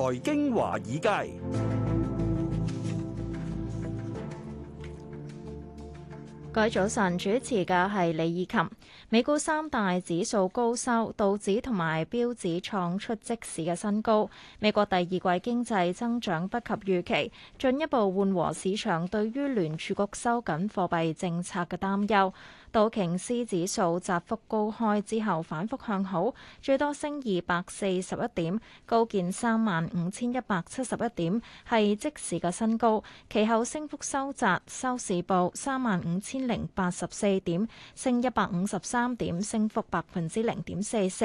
財經華爾街，各位早晨，主持嘅係李以琴。美股三大指數高收，道指同埋標指創出即市嘅新高。美國第二季經濟增長不及預期，進一步緩和市場對於聯儲局收緊貨幣政策嘅擔憂。道瓊斯指數窄幅高開之後，反覆向好，最多升二百四十一點，高見三萬五千一百七十一點，係即時嘅新高。其後升幅收窄，收市報三萬五千零八十四點，升一百五十三點，升幅百分之零點四四。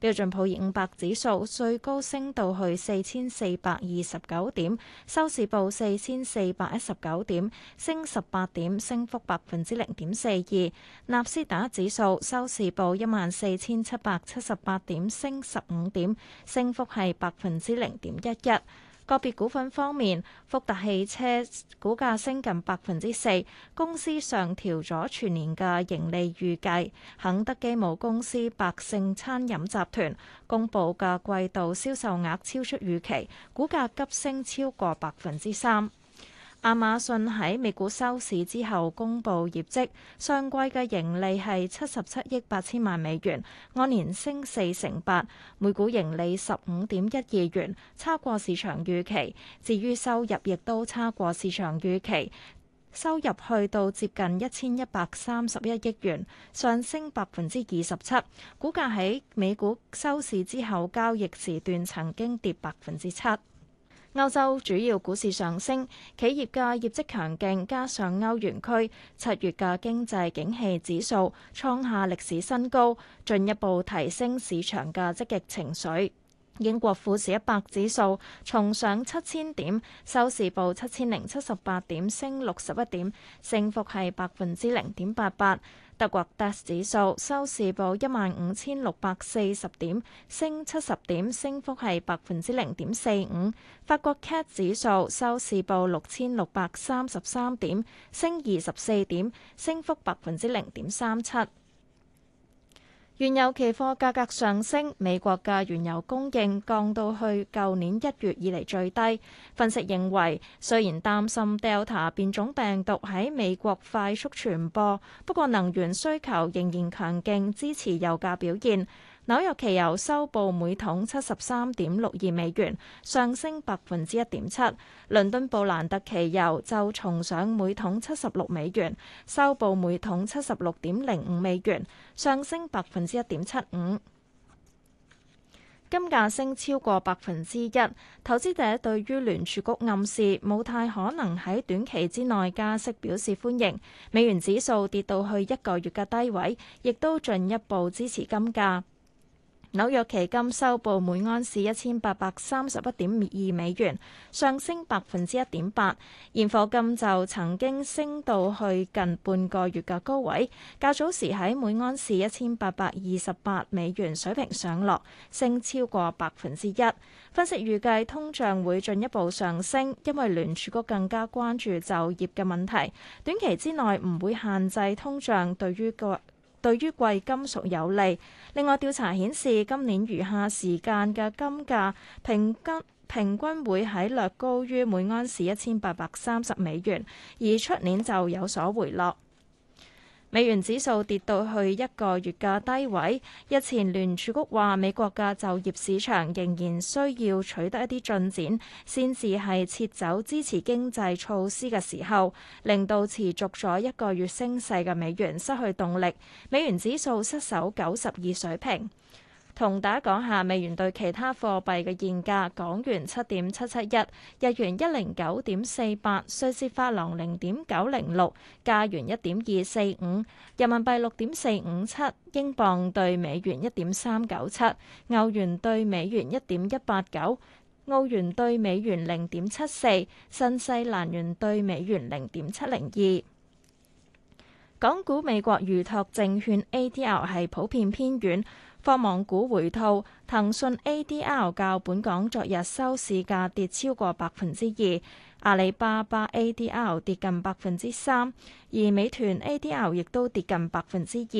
標準普爾五百指數最高升到去四千四百二十九點，收市報四千四百一十九點，升十八點，升幅百分之零點四二。納斯達指數收市報一萬四千七百七十八點，升十五點，升幅係百分之零點一一。個別股份方面，福特汽車股價升近百分之四，公司上調咗全年嘅盈利預計。肯德基母公司百勝餐飲集團公佈嘅季度銷售額超出預期，股價急升超過百分之三。亞馬遜喺美股收市之後公佈業績，上季嘅盈利係七十七億八千萬美元，按年升四成八，每股盈利十五點一二元，超過市場預期。至於收入亦都超過市場預期，收入去到接近一千一百三十一億元，上升百分之二十七。股價喺美股收市之後交易時段曾經跌百分之七。歐洲主要股市上升，企業嘅業績強勁，加上歐元區七月嘅經濟景氣指數創下歷史新高，進一步提升市場嘅積極情緒。英國富時一百指數重上七千點，收市報七千零七十八點，升六十一點，升幅係百分之零點八八。德國 DAX 指數收市報一萬五千六百四十點，升七十點，升幅係百分之零點四五。法國 CAC 指數收市報六千六百三十三點，升二十四點，升幅百分之零點三七。原油期貨價格上升，美國嘅原油供應降到去舊年一月以嚟最低。分析認為，雖然擔心 Delta 變種病毒喺美國快速傳播，不過能源需求仍然強勁，支持油價表現。紐約期油收報每桶七十三點六二美元，上升百分之一點七。倫敦布蘭特期油就重上每桶七十六美元，收報每桶七十六點零五美元，上升百分之一點七五。金價升超過百分之一，投資者對於聯儲局暗示冇太可能喺短期之內加息表示歡迎。美元指數跌到去一個月嘅低位，亦都進一步支持金價。紐約期金收報每盎司一千八百三十一點二美元，上升百分之一點八。現貨金就曾經升到去近半個月嘅高位，較早時喺每盎司一千八百二十八美元水平上落，升超過百分之一。分析預計通脹會進一步上升，因為聯儲局更加關注就業嘅問題，短期之內唔會限制通脹對於個。對於貴金屬有利。另外調查顯示，今年餘下時間嘅金價平均平均會喺略高於每盎司一千八百三十美元，而出年就有所回落。美元指數跌到去一個月嘅低位。日前聯儲局話美國嘅就業市場仍然需要取得一啲進展，先至係撤走支持經濟措施嘅時候，令到持續咗一個月升勢嘅美元失去動力。美元指數失守九十二水平。同大家講下美元對其他貨幣嘅現價：港元七點七七一，日元一零九點四八，瑞士法郎零點九零六，加元一點二四五，人民幣六點四五七，英鎊對美元一點三九七，歐元對美元一點一八九，澳元對美元零點七四，新西蘭元對美元零點七零二。港股美國預託證券 ADR 係普遍偏軟。科網股回吐，騰訊 ADR 較本港昨日收市價跌超過百分之二，阿里巴巴 ADR 跌近百分之三，而美團 ADR 亦都跌近百分之二。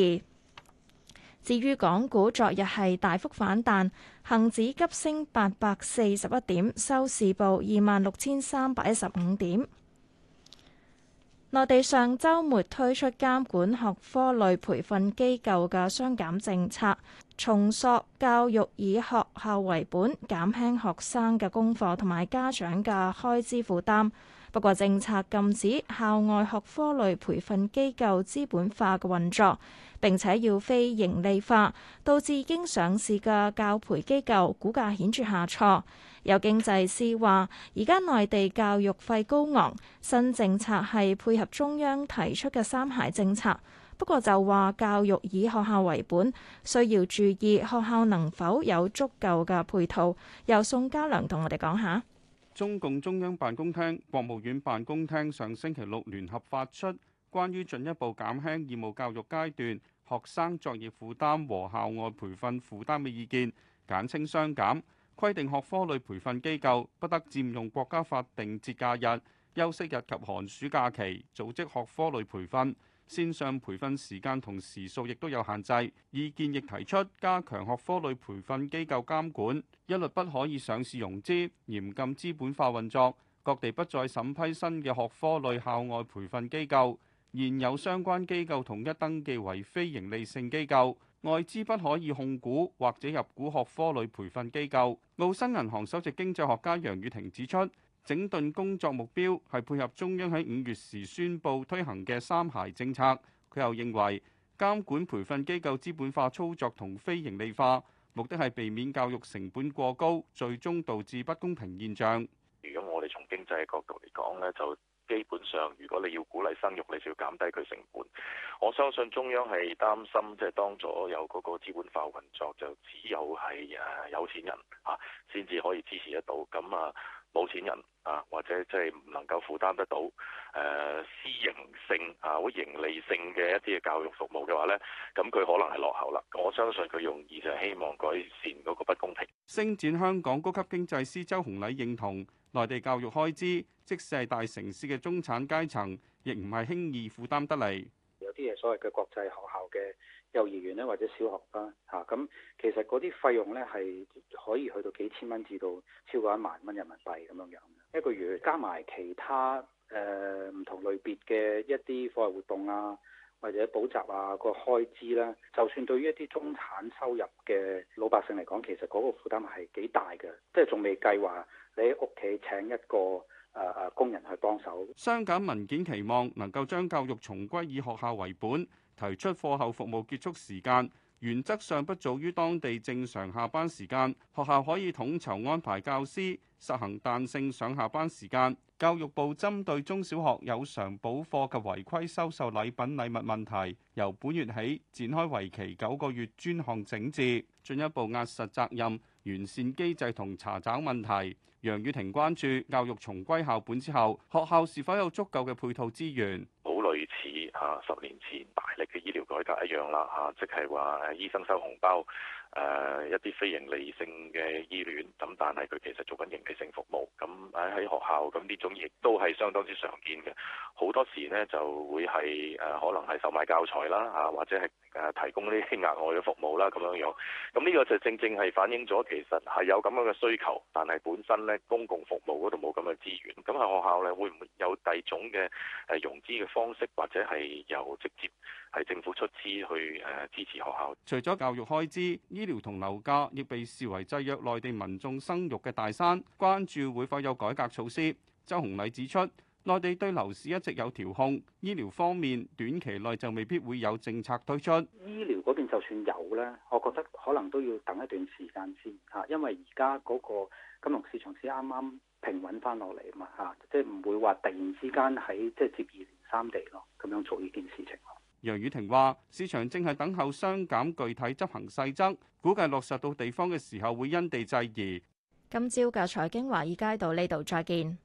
至於港股，昨日係大幅反彈，恒指急升八百四十一點，收市報二萬六千三百一十五點。內地上周末推出監管學科類培訓機構嘅雙減政策。重塑教育以學校為本，減輕學生嘅功課同埋家長嘅開支負擔。不過政策禁止校外學科類培訓機構資本化嘅運作，並且要非盈利化，導致已經上市嘅教培機構股價顯著下挫。有經濟師話，而家內地教育費高昂，新政策係配合中央提出嘅三孩政策。不過就話教育以學校為本，需要注意學校能否有足夠嘅配套。由宋家良同我哋講下。中共中央辦公廳、國務院辦公廳上星期六聯合發出關於進一步減輕義務教育階段學生作業負擔和校外培訓負擔嘅意見，簡稱“雙減”。規定學科類培訓機構不得占用國家法定節假日、休息日及寒暑假期組織學科類培訓。線上培訓時間同時數亦都有限制，意見亦提出加強學科類培訓機構監管，一律不可以上市融資，嚴禁資本化運作，各地不再審批新嘅學科類校外培訓機構，現有相關機構統一登記為非營利性機構，外資不可以控股或者入股學科類培訓機構。澳新銀行首席經濟學家楊宇霆指出。整頓工作目標係配合中央喺五月時宣布推行嘅三孩政策。佢又認為監管培訓機構資本化操作同非盈利化，目的係避免教育成本過高，最終導致不公平現象。如果我哋從經濟角度嚟講咧，就基本上如果你要鼓勵生育，你就要減低佢成本。我相信中央係擔心，即係當咗有嗰個資本化運作，就只有係誒有錢人吓先至可以支持得到。咁啊～冇錢人啊，或者即係唔能夠負擔得到誒私營性啊或盈利性嘅一啲嘅教育服務嘅話咧，咁佢可能係落後啦。我相信佢容易就希望改善嗰個不公平。星展香港高級經濟師周紅禮認同，內地教育開支，即使係大城市嘅中產階層，亦唔係輕易負擔得嚟。有啲嘢所謂嘅國際學校嘅。幼兒園咧，或者小學啦吓，咁、啊、其實嗰啲費用咧係可以去到幾千蚊至到超過一萬蚊人民幣咁樣樣。一個月加埋其他誒唔、呃、同類別嘅一啲課外活動啊，或者補習啊個開支啦、啊，就算對於一啲中產收入嘅老百姓嚟講，其實嗰個負擔係幾大嘅，即係仲未計劃你喺屋企請一個誒誒、呃、工人去幫手。雙減文件期望能夠將教育重歸以學校為本。提出課後服務結束時間原則上不早於當地正常下班時間，學校可以統籌安排教師實行彈性上下班時間，教育部針對中小學有償補課及違規收受禮品禮物問題由本月起展開為期九個月專項整治，進一步壓實責任、完善機制同查找問題，楊雨婷關注教育重歸校本之後學校是否有足夠嘅配套資源？類似嚇十年前大力嘅醫療改革一樣啦吓，即係話，誒醫生收紅包。誒、呃、一啲非營利性嘅醫院，咁但係佢其實做緊營利性服務，咁喺喺學校，咁呢種亦都係相當之常見嘅。好多時呢就會係誒、呃、可能係售賣教材啦，嚇或者係誒提供啲額外嘅服務啦咁樣樣。咁呢個就是正正係反映咗其實係有咁樣嘅需求，但係本身呢，公共服務嗰度冇咁嘅資源。咁喺學校呢會唔會有第二種嘅誒融資嘅方式，或者係有直接？係政府出資去誒支持學校。除咗教育開支，醫療同樓價亦被視為制約內地民眾生育嘅大山。關注會否有改革措施？周鴻禮指出，內地對樓市一直有調控，醫療方面短期內就未必會有政策推出。醫療嗰邊就算有咧，我覺得可能都要等一段時間先吓，因為而家嗰個金融市場先啱啱平穩翻落嚟嘛吓，即係唔會話突然之間，喺即係接二連三地咯，咁樣做呢件事情。楊宇霆話：市場正係等候雙減具體執行細則，估計落實到地方嘅時候會因地制宜。今朝嘅財經華爾街到呢度再見。